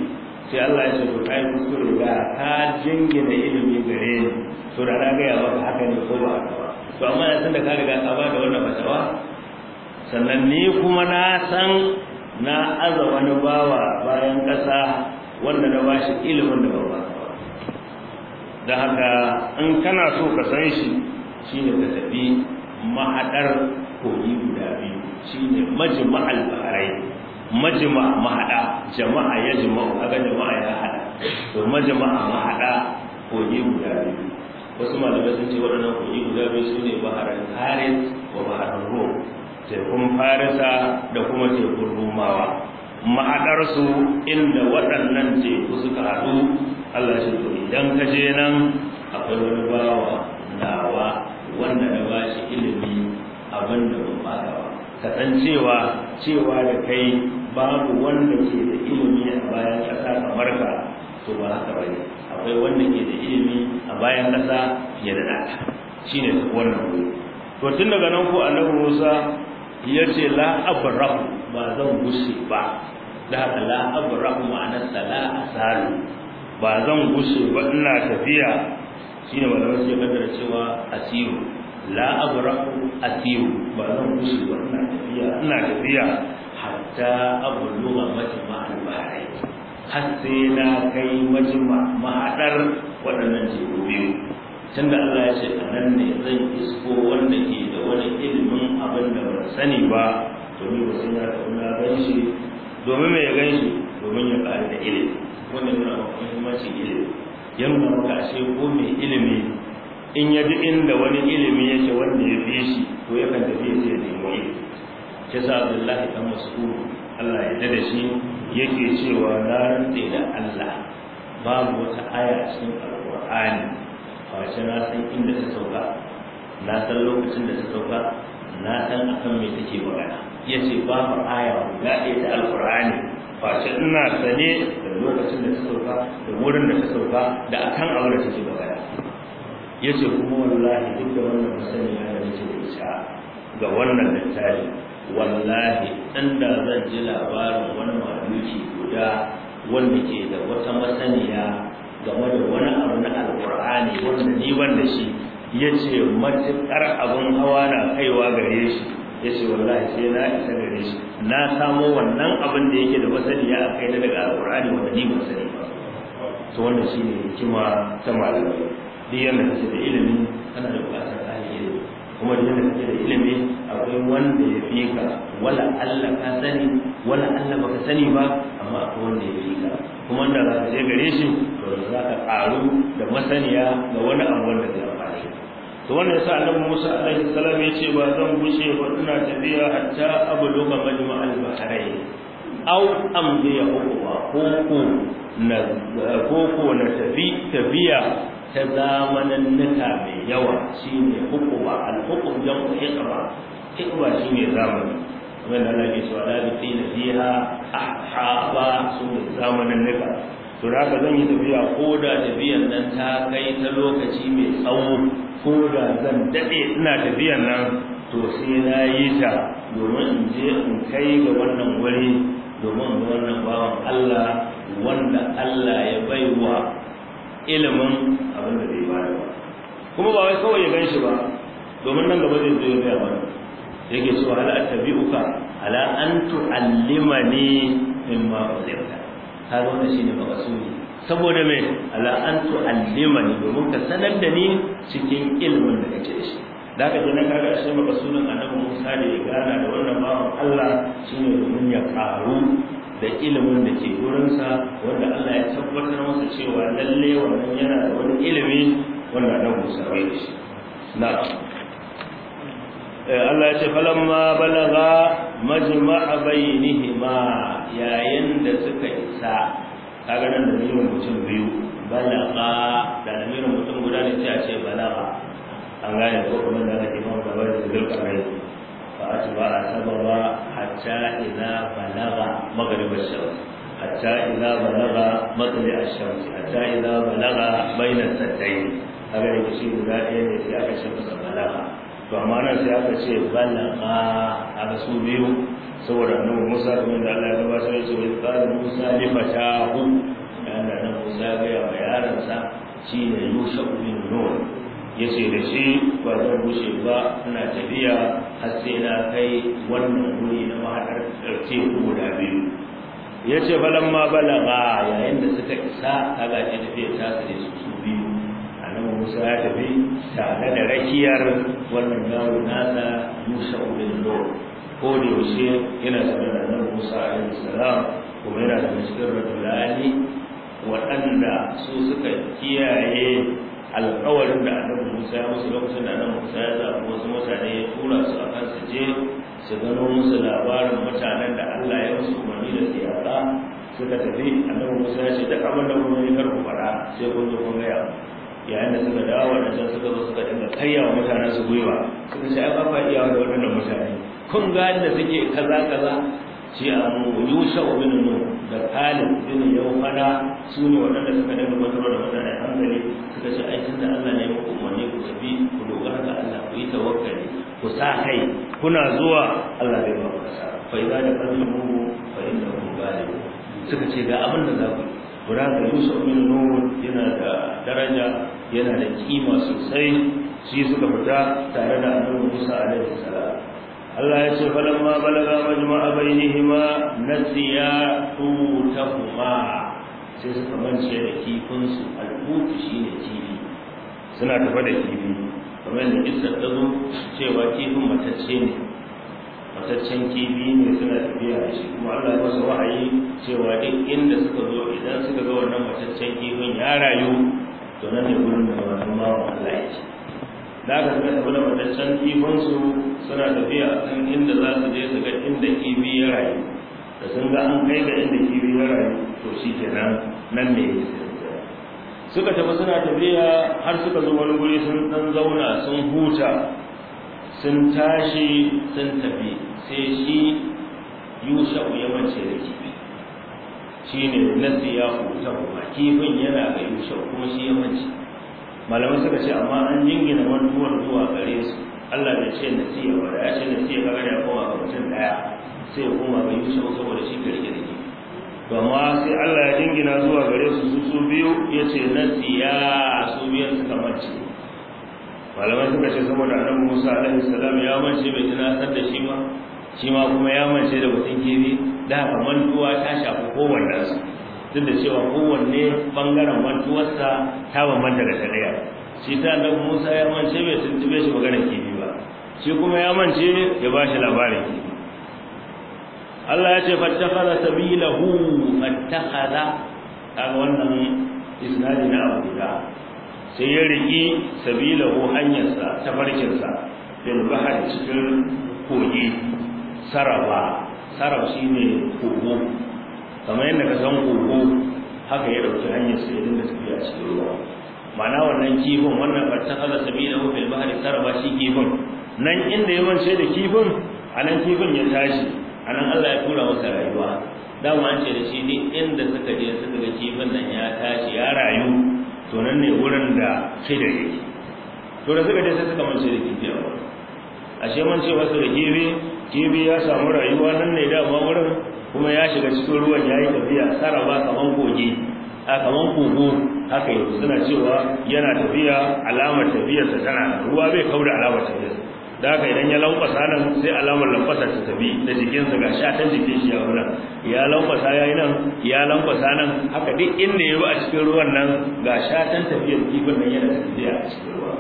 Speaker 1: sai Allah ya ce to kai kuskure ga ka jingina ilimi gare ni to da na ga ya maka haka ne ko ba to amma ya san da ka riga ka ba da wannan fatawa sannan ni kuma na san na aza wani bawa bayan ƙasa wanda na bashi ilimin da ba da haka in kana so ka san shi ne da tafi mahadar koyi guda biyu Shi ne majma'al baharai majma mahada jama'a ya jama'u kaga jama'a ya hada to majma'a mahada koyi guda biyu wasu malamai sun ce waɗannan koyi guda biyu ne baharan Haris wa baharan Rum tekun Farisa da kuma tekun Rumawa Ma'adarsu inda waɗannan teku suka haɗu Allah shi to idan ka je nan akwai wani bawa nawa wanda da ba shi ilimi abin da ban ba ka san cewa cewa da kai babu wanda ke da ilimi a bayan ƙasa kamar ka to ba haka bane akwai wanda ke da ilimi a bayan ƙasa fiye da shi ne wannan wuri to tun daga nan ko annabi Musa ya ce la abrahu ba zan gushe ba da haka la abrahu ma'ana sala asalu ba zan gushe ba ina tafiya shine malamai sai kaddara cewa asiru la abrahu asiru ba zan gushe ba ina tafiya ina tafiya hatta abluga majma'al bahrain har sai na kai majma mahadar waɗannan jiru biyu tunda Allah ya ce nan ne zan isko wanda ke da wani ilimin abin da ban sani ba domin ba sun ya na gan shi domin mai gan shi domin ya ƙari da ilimi wannan yana da muhimmanci ilimi Yan nuna maka ashe ko mai ilimi in ya ji inda wani ilimi yake wanda ya fi shi to ya kan tafi ya nemo ilimi ke sa Abdullahi dan Mas'ud Allah ya dade shi yake cewa na rantse da Allah babu wata aya cikin Alƙur'ani face na san inda ta sauka na san lokacin da ta sauka na san akan me take magana yace ce ba mu aya guda ɗaya alqur'ani fa ce ina sane da lokacin da ta sauka da wurin da ta sauka da akan aure da take ya ce kuma wallahi duk da wannan ya da nake da ga wannan littafi wallahi da zan ji labarin wani maluki guda wanda ke da wata masaniya game da wani abu na alqur'ani wanda ni ban da shi ya ce matuƙar abin hawa na kaiwa gare shi yace wallahi sai na isa gare shi na samo wannan abin da yake da masaniya a kai na daga alqur'ani wanda ni ba sani ba to wannan ne hikima ta malamai duk yanda kake da ilimi kana da buƙatar ayi kuma duk yanda kake da ilimi akwai wanda ya fi ka wala Allah ka sani wala Allah baka sani ba amma akwai wanda ya fi ka kuma wanda za ka je gare shi to za ka ƙaru da masaniya ga wani abu wanda zai to wannan yasa annabi Musa alaihi salam ya ce ba zan gushe ba ina tafiya hatta abluga majma'al bahrain aw amdi yahuwa ko ko na ko ko na tafi tafiya ta zamanan nata mai yawa shine hukuma al-hukum jam'u iqra iqra shine zamani wanda Allah ya ce wa la bi fiha ahaba sun zamanan nata to da haka zan yi tafiya ko da tafiyan nan ta kai ta lokaci mai tsawo ko da zan daɗe ina tafiyan nan to sai na yi ta domin in je in kai ga wannan wuri domin ga wannan bawan Allah wanda Allah ya baiwa ilimin abin da bai bayar kuma ba wai kawai ya gan shi ba domin nan gaba zai zo ya gaya mana yake cewa hal attabi'uka ala an tu'allimani mimma ulimta kaga wannan shine maqsudi saboda me ala an alimani domin ka sanar da ni cikin ilimin da kake shi da ka jina kaga shi maqsudin annabi Musa da ya gana da wannan bawan Allah shine domin ya karu da ilimin da ke gurinsa wanda Allah ya tabbatar masa cewa lalle wannan yana da wani ilimi wanda da Musa bai shi na eh, Allah ya ce falamma balaga majma'a bainihima yayin da suka sa kaga nan da mirin mutum biyu balaga da da mutum guda ne sai a ce balaga an gane ko kuma da ake imam da wani zulkarnai fa a ba a ba hatta ila balaga maghrib ash-shams hatta ila balaga matli ash-shams hatta ila balaga bayna sattai kaga ne shi guda ɗaya ne sai aka ce balaga to amma nan sai aka ce balaga a su biyu saboda nan Musa da da Allah ya gabatar ya ce wa qala Musa li fatahu yana nan Musa ga yawa yaransa shi ne Yusuf bin Nun yace da shi ba zan bushe ba ina tafiya har sai na kai wannan guri na mahadar teku guda biyu yace falamma balaga yayin da suka isa kaga ce tafiya ta su su biyu annabi Musa ya tafi tare da rakiyar wannan yaro nasa Yusuf bin Nun ko da yaushe yana tare da annabi Musa alaihi salam kuma yana da cikin rajulani waɗanda su suka kiyaye alƙawarin da annabi Musa ya musu lokacin da annabi Musa ya zaɓi wasu mutane ya tura su a kan su je su gano musu labarin mutanen da Allah ya musu umarni da ziyara suka tafi annabi Musa ya ce da kamar da kuma ya fara sai kun zo kun gaya yayin da suka dawo da can suka zo suka dinga karyawa mutanen su gwiwa suka ce ai ba fa iyawa da waɗannan mutane kun ga da suke kaza kaza shi a yusha min nu da din yau yawfana su ne waɗanda suka dinga mutuwa da mutanen hankali suka ce ai tunda Allah ne ya muku umarni ku tafi ku dogara ga Allah ku yi tawakkali ku sa kai kuna zuwa Allah zai ba ku fa idza da mu fa innahu ghalib suka ce ga abin da za ku ku da yusha bin nu yana da daraja yana da kima sosai shi suka fita tare da annabi Musa alaihi salam Allah ya ce falamma balaga majma'a bainihima nasiya tutahuma sai suka mance da kifin su shi shine kifi suna tafa da kifi kamar da kissar cewa kifin matacce ne mataccen kifi ne suna tafiya da shi kuma Allah ya wa'ayi wahayi cewa duk inda suka zo idan suka ga wannan mataccen kifin ya rayu to nan ne gurin da masu mawa Allah ya ce da aka suka tafi da wadataccen ihonsu suna tafiya a kan inda za su je su ga inda kibi ya rayu da sun ga an kai ga inda kibi ya rayu to shi ke nan ne ya suka tafi suna tafiya har suka zo wani guri sun dan zauna sun huta sun tashi sun tafi sai shi yusha'u ya mace da shi shine nasiya hutar kifin yana ga yusha kuma shi ya mace malamai suka ce amma an jingina mantuwar zuwa gare su Allah bai ce ya wada, ya ce ya kaga da kowa ga mutum daya sai ya koma ga yusha saboda shi kirki da ke to amma sai Allah ya jingina zuwa gare su su su biyu ya ce nasiya su biyar suka mace malamai suka ce saboda annabi Musa alaihi salam ya mace bai tunatar da shi ba shi ma kuma ya mance da batun kiri, da haka mantuwa ta shafi kowanne su duk da cewa kowanne bangaren mantuwarsa ta bambanta da tarayya shi ta da Musa ya mance bai tuntube shi magana kifi ba shi kuma ya mance ya ba shi labarin kifi Allah ya ce fattakhadha sabilahu fattakhadha kaga wannan isnadi na Abu da sai ya riki sabilahu hanyarsa ta farkinsa bil bahar cikin kogi saraba saraba shi ne kogo kamar yadda ka san kogo haka ya dauki hanyar sai din da tafiya cikin ruwa ma'ana wannan kifin wannan fatan ala sabila hu fil bahri saraba shi kifin nan inda ya sai da kifin anan kifin ya tashi anan Allah ya tura masa rayuwa Dan wa ce da shi ne inda suka je suka ga kifin nan ya tashi ya rayu to nan ne wurin da sai da yake to da suka je sai suka mance da kifin a ashe mun ce wasu da kifi jibi ya samu rayuwa nan ne dama wurin kuma ya shiga cikin ruwan ya yi tafiya ba kaman goge. a kaman kogo haka yau suna cewa yana tafiya alamar tafiyarsa tana ruwa bai da alamar tafiyarsa da haka idan ya lankwasa nan sai alamar lankwasa ta tafi da jikinsa ga sha ta jikin shi a wurin ya lankwasa ya yi nan ya lankwasa nan haka duk inda ya bi a cikin ruwan nan ga sha ta tafiyar kifin nan yana tafiya a cikin ruwa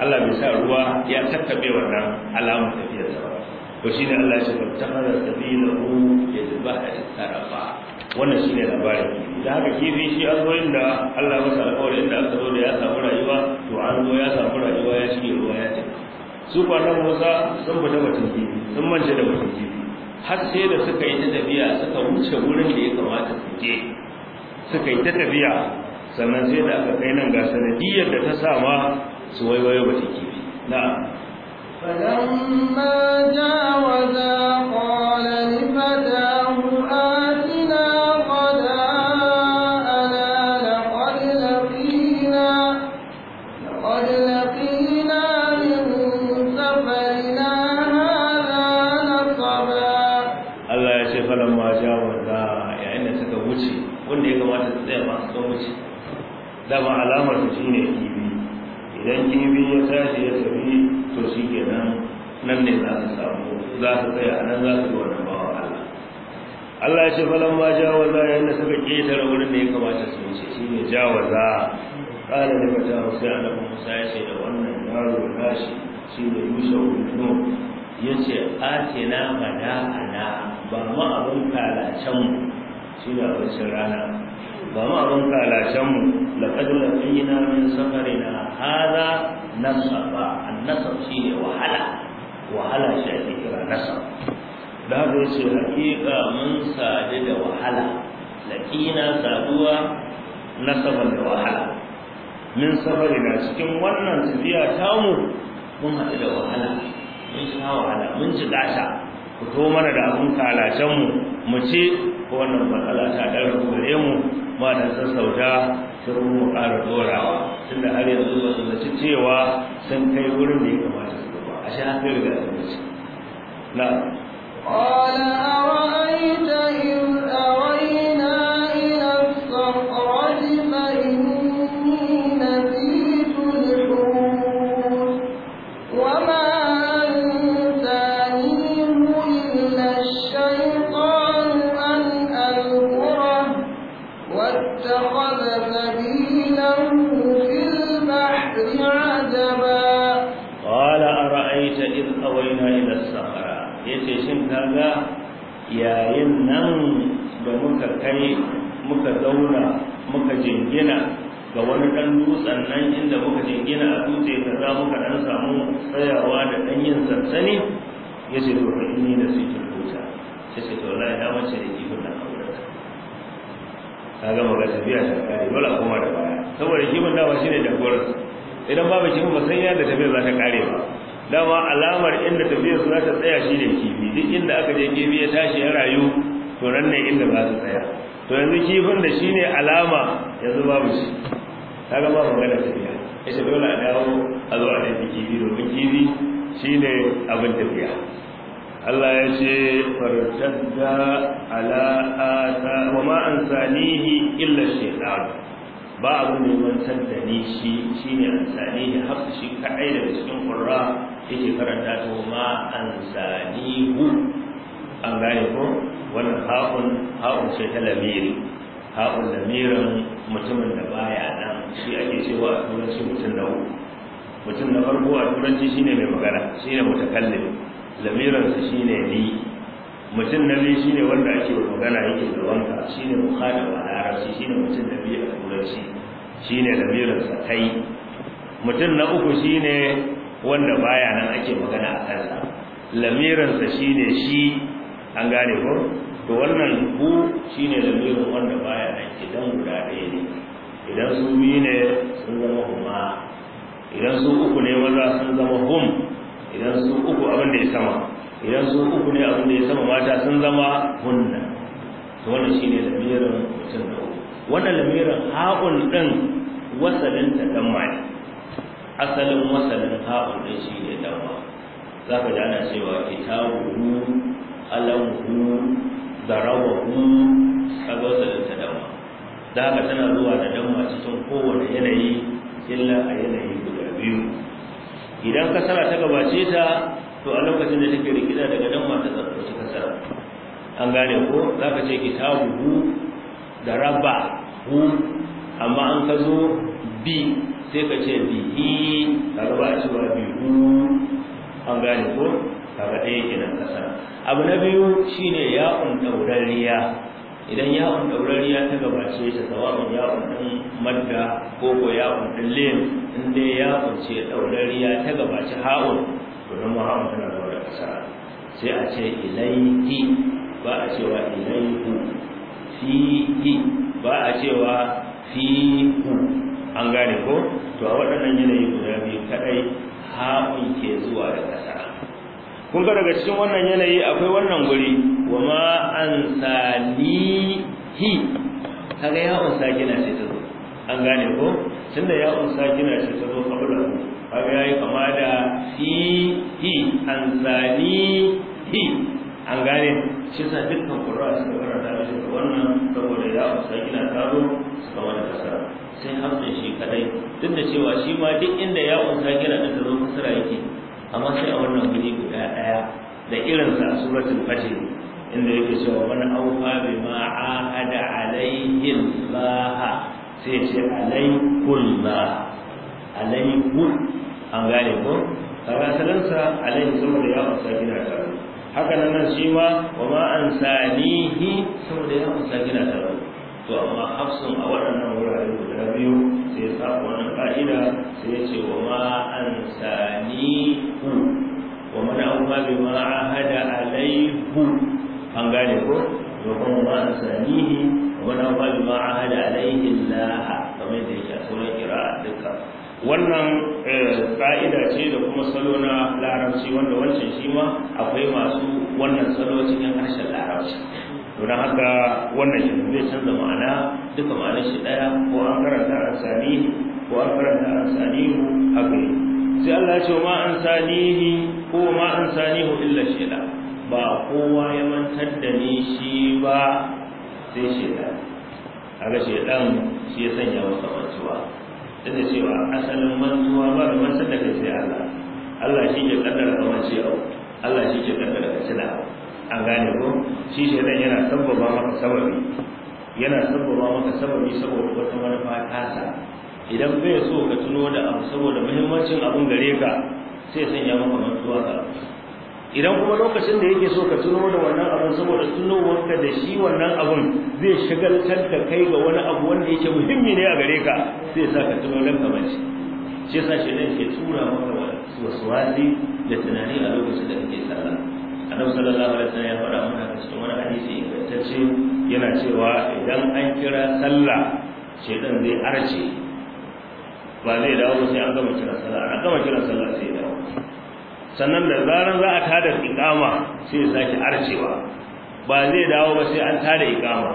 Speaker 1: Allah bai sa ruwa ya tattabe wannan alamar tafiyarsa ba to ne Allah ya ce fattakhara sabilahu yadbahu sarafa wannan shi shine labarin kifi da haka kifi shi an zo inda Allah ya masa alƙawari inda aka zo da ya samu rayuwa to an zo ya samu rayuwa ya shige ruwa ya ce. su kwanan Musa sun fita mutum kifi sun mance da mutum kifi har sai da suka yi ta tafiya suka wuce wurin da ya kamata su je suka yi ta tafiya sannan sai da aka kai nan ga sanadiyar da ta sa sama su waiwayo batun kifi na'am
Speaker 2: فلما جاوزا
Speaker 1: ce falon ma jawaza yadda suka ƙetare wurin da ya kamata su wuce shi ne jawaza ƙala da fata wasu ya annabi musa ya ce da wannan yaro nashi shi ne yusha wulino ya ce na, mana ana ba ma abin kalacen mu shi ne wancan rana ba ma abin kalacen mu laƙad lafiyina min safarina hada nasaba annasab shi ne wahala wahala shi ake kira nasab da haka ya ce haƙiƙa mun sadu da wahala laƙina saduwa na sabar da wahala min safari na cikin wannan tafiya tamu mun haɗu da wahala mun sha wahala mun ji gasa ku to mana da abun kalacen mu mu ce ko wannan matsala ta da gure mu ba da sassauta sun mu ƙara dorawa tunda har yanzu ba su ci cewa sun kai wurin da ya kamata su ba a sha kai da mace na قال zauna muka jingina ga wani ɗan dutsen nan inda muka jingina a dutse ka za muka ɗan samu tsayawa da ɗan yin sansani ya ce to fa inni da su kirkuta sai ce to ya dama ce da kifin nan ta ka ga tafiya ta kare dole a koma da baya saboda kifin dama da jagoran idan babu kifin ba san yadda tafiya za ta kare ba dama alamar inda tafiya za ta tsaya shi ne kifi duk inda aka je kifi ya tashi ya rayu to nan ne inda za su tsaya to yanzu kifin da shi ne alama yanzu babu shi ta gama magana tafiya ya ce dole a dawo a zuwa da fi kifi domin kifi shi ne abin tafiya Allah ya ce fartadda ala ata wa ma an sanihi illa shaytan ba abu ne mantar da ni shi shine an sanihi haka shi kadai daga cikin qurra yake karanta to ma an sanihu an gane ko wannan ha'un ha'un ce ta lamiri ha'un lamirin mutumin da baya nan shi ake cewa a turanci mutum na uku mutum na farko a turanci shine mai magana shine mutakallim shi shine ni mutum na biyu shine wanda ake magana yake da wanka shine mukhadaba a larabci shine mutum na biyu a turanci shine sa kai mutum na uku shine wanda baya nan ake magana a kansa sa shine shi an gane ko to wannan ku shine lamirin wanda baya nan idan guda ɗaya ne idan su biyu ne sun zama huma idan su uku ne maza sun zama hum idan su uku abin da ya sama idan su uku ne abin da ya sama mata sun zama hunna to wannan shine lamirin mutum da uku wannan lamirin haƙun din wasalin ta damma ne asalin wasalin haƙun din shine damma za ka ji ana cewa kitabu alamuhum darawahum saboda da ta da ka tana zuwa da damma cikin kowane yanayi illa a yanayi guda biyu idan kasara ta gabace ta to a lokacin da take rikida daga damma ta zarto ta kasara an gane ko za ka ce kitabuhu da raba hu amma an ka zo bi sai ka ce bihi ka raba a bihu an gane ko kaga ɗaya kenan kasa abu na biyu shine ya'un daurariya idan ya'un daurariya ta gabace ta tawabin ya'un din madda ko ko ya din lim in dai ya'un ce daurariya ta gabace ha'un to nan muhammad tana da kasara sai a ce ilaihi ba a cewa ilaihu fihi ba a cewa fihu an gane ko to a waɗannan yanayi guda biyu kadai ha'un ke zuwa da kasara kun ga daga cikin wannan yanayi akwai wannan guri wa ma ansanihi kaga ya unsa gina shi ta zo an gane ko tunda ya unsa gina shi ta zo kabula kaga yayi kama da fi hi ansanihi an gane shi sa dukkan qur'a suka da shi wannan saboda ya unsa gina ta zo suka wani kasara sai hamsin shi kadai duk da cewa shi ma duk inda ya unsa gina din ta zo kasara yake amma sai a wannan guri guda daya da irin sa a suratul fajr inda yake cewa wani awfa bi ma ahada alayhi Allah sai ce alai kul an gane ko kaga salansa alayhi saboda ya wasa gina tare haka nan shi ma wa ma ansanihi saboda ya wasa gina tare to amma hafsun a waɗannan wurare guda biyu sai ya saba wannan ƙa'ida sai ya ce wa ma an sani ku wa man amma bi ma ahada alaihu an gane ko wa kuma ma an ni? wa man amma bi ma ahada alaihi Allah kamar da yake a sauran kira duka. wannan ƙa'ida eh, ce da kuma salo na larabci wanda wancan shi ma akwai masu wannan salo cikin harshen larabci don haka wannan shi zai canza ma'ana duka ma'anar shi daya ko an karanta an sani ko an karanta an sani haka ne sai Allah ya ce ma an sanihi ko ma an hu illa shayla ba kowa ya mantar da ni shi ba sai shi kaga shaydan shi ya sanya masa mantuwa duk da cewa asalin mantuwa ba da mantar da kai sai Allah Allah shi ke kaddara kamar yau. Allah shi ke kaddara kacina an gane ko shi dan yana sabbaba maka sababi yana sabbaba maka sababi saboda wata manufa ta sa idan bai so ka tuno da abu saboda muhimmancin abun gare ka sai sanya maka mantuwa ka idan kuma lokacin da yake so ka tuno da wannan abun saboda tunowarka da shi wannan abun zai shagaltar da kai ga wani abu wanda yake muhimmi ne a gare ka sai sa ka tuno nan kamar shi yasa shi ne ke tura maka wasu wasu da tunani a lokacin da kake sallah annabi sallallahu alaihi wasallam ya faɗa mana cikin wani hadisi ingantacce yana cewa idan an kira sallah shedan zai arce ba zai dawo ba sai an gama kira sallah an gama kira sallah sai ya dawo sannan da zaran za a tada iqama sai ya sake arcewa ba zai dawo ba sai an tada iqama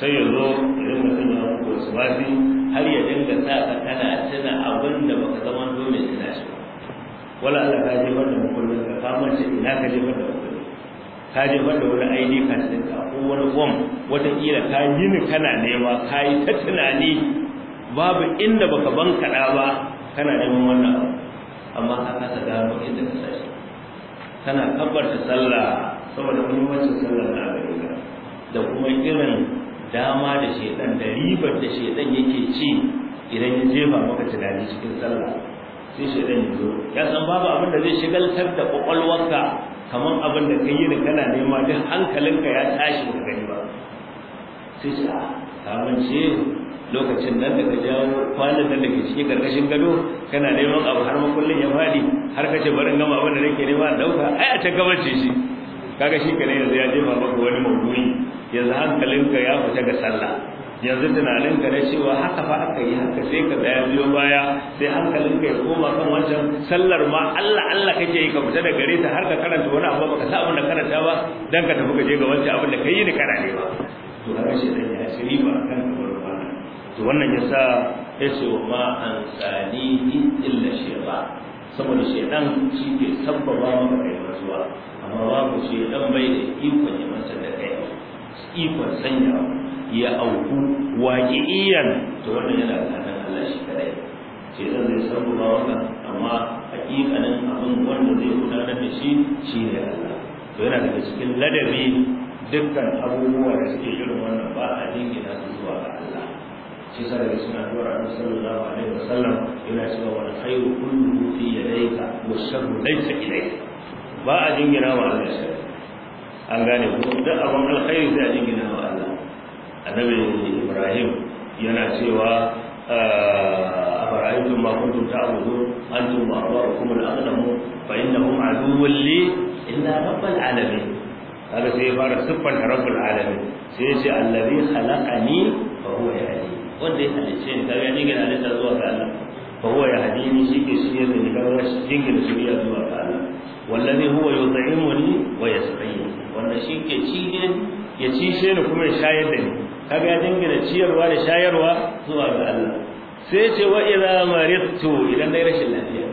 Speaker 1: sai ya zo idan mutum ya su sabati har ya dinga sa ka tana tana abin da baka zama dole tana shi wala Allah ka jefar da makullin ka kama ce ina ka jefar da makullin ka jefar da wani ID card din ka ko wani form wata kila ka yini kana nema ka yi ta tunani babu inda baka bankada ba kana neman wannan amma ka kasa gano inda ka sai kana ta sallah saboda muhimmancin Sallah na gare ka da kuma irin dama da shedan da ribar da shedan yake ci idan ya jefa maka tunani cikin sallah sai shaidan ya zo ya san babu abin da zai shigaltar da kwakwalwarka kamar abin da kai yini kana nema duk hankalinka ya tashi ka gani ba sai shi a ce ah, lokacin nan da ka jawo kwanan nan da ke cikin karkashin gado kana neman abu har makullin ya fadi har kace barin gama abin da nake nema dauka ai a ta gabace shi kaga shi ka ne yanzu ya jefa maka wani mabuni yanzu hankalinka ya fita ga sallah yanzu tunanin ka na cewa haka fa aka yi haka sai ka tsaya biyo baya sai hankalin ka ya koma kan wancan sallar ma Allah Allah kake yi ka fita da gare ta har ka karanta wani abu baka sa abin da karanta ba dan ka tafi ka je ga wancan abin da kai ne kana ne ba to haka shi dan ya shiri ba kan kurbana to wannan yasa yace wa ma an sani illa shayba saboda shaydan shi ke sabbaba maka kai masuwa, amma babu shaydan bai da ikon masa da kai ikon sanyawa ya auku waqi'iyan to wannan yana bukatar Allah shi kadai Sai zan zai sabu ba wannan amma hakikanin abin wanda zai gudanar da shi shi ne Allah to yana daga cikin ladabi dukkan abubuwa da suke irin wannan ba a dingina su zuwa ga Allah shi sa daga suna tura annabi sallallahu alaihi wasallam yana cewa wal khairu kulluhu fi yadayka was sharru laysa ilayka ba a dingina wa Allah sharri an gane ko duk abin alkhairi sai a jingina wa Allah annabi ibrahim yana cewa a ah, fara'aitun makuntun ta abubu an tun ma'awa hukumar fa inda aduwwun li illa rabbal alamin kaga sai ya fara siffanta rabbul alamin sai ya ce allazi khalaqani fa huwa yahdi wanda ya halice ni kaga ni ga halitta zuwa ga Allah fa huwa yahdini shi ke shiyar da ni kaga shi jingina shiriya zuwa ga Allah wallazi huwa yut'imuni wa yasqini wanda shi ci ne ya ci shi ne kuma ya shayar da ni kaga ya dingina ciyarwa da shayarwa zuwa ga Allah sai ce wa idza maridtu idan dai rashin lafiya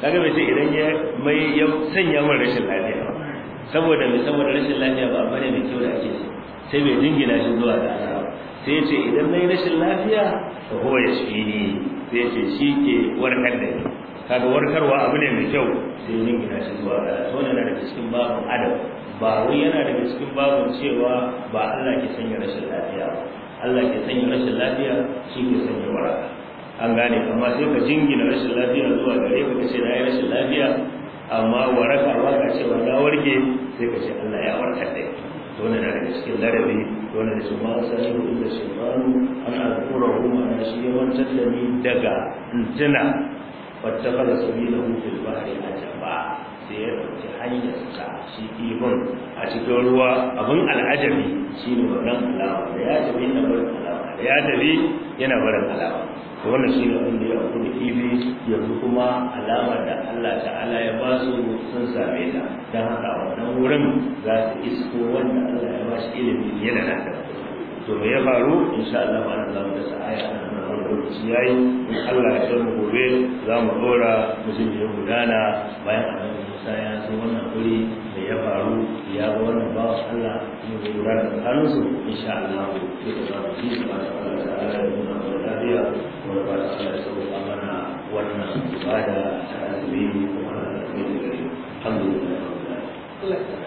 Speaker 1: kaga bai ce idan ya mai ya sanya mun rashin lafiya saboda mai saboda rashin lafiya ba bane mai kyau da ake sai bai dingina shi zuwa ga Allah sai ya ce idan mai rashin lafiya fa huwa yashfini sai ya ce shi ke warkar da ni kaga warkarwa abu ne mai kyau sai dingina shi zuwa ga Allah to ne na da cikin babu adab ba wai yana daga cikin babu cewa ba Allah ke sanya rashin lafiya ba Allah ke sanya rashin lafiya shi ke sanya waraka an gane amma sai ka jingina rashin lafiya zuwa gare ka kace na yi rashin lafiya amma waraka ba ka ce ba warke sai ka ce Allah ya warka da to ne da daga cikin larabi to ne su ma sa ku da mu an azkurahu ma shi yawan da ni daga tuna wata fara fil bahri ajaba sai ya ɗauki hanyarsa shi ihun a cikin ruwa abin al'ajabi shi ne wannan alama. da ya tafi yana barin alama, da ya tafi yana barin alama. to wannan shi ne abin da ya auku da kifi yanzu kuma alama da Allah ta'ala ya ba su sun same ta don haka wannan wurin za su isko wanda Allah ya ba shi ilimin yana da to me ya faru insha Allah ba za mu aya wannan in Allah ya kai mu gobe za mu dora mu ji ya gudana bayan annabi Musa ya san wannan guri me ya faru ya ga wannan ba Allah mu gudana da kansu insha Allah to da za mu ba Allah ya nuna mu lafiya ko ba ya mana wannan ibada ta azumi ko wannan da alhamdulillah Allah ya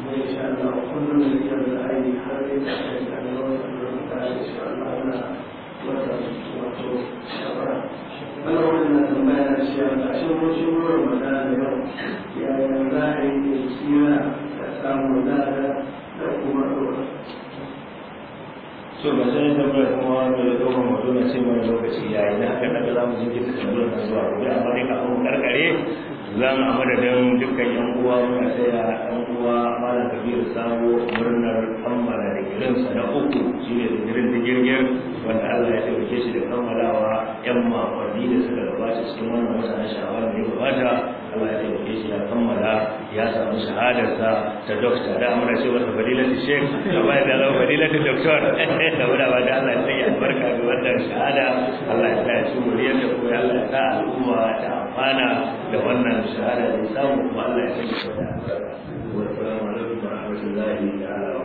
Speaker 1: so ba sai da bai kuma da ya dauka mutum na ce wani lokaci yayi na haka da za mu jinke ta tambayar zuwa gobe amma dai karkare zan a madadin dukkan yan uwa muna taya yan uwa malam kabiru sabo murnar kammala da girinsa na uku shine da girin da wanda Allah ya taimake shi da kammalawa yan makonni da suka gabata cikin wannan wata na shawara da ya gabata Allah ya taimake shi ya kammala ya samu shahadarsa ta doctor da muna ce wata fadilatu sheikh da bai da zama fadilatu doctor da wanda ba da Allah ya barka da wannan shahada Allah ya sa shi muriyar da kuma Allah ya al'umma ta amana da wannan shahada da samu kuma Allah ya sanya ta. Wa assalamu alaikum wa
Speaker 2: rahmatullahi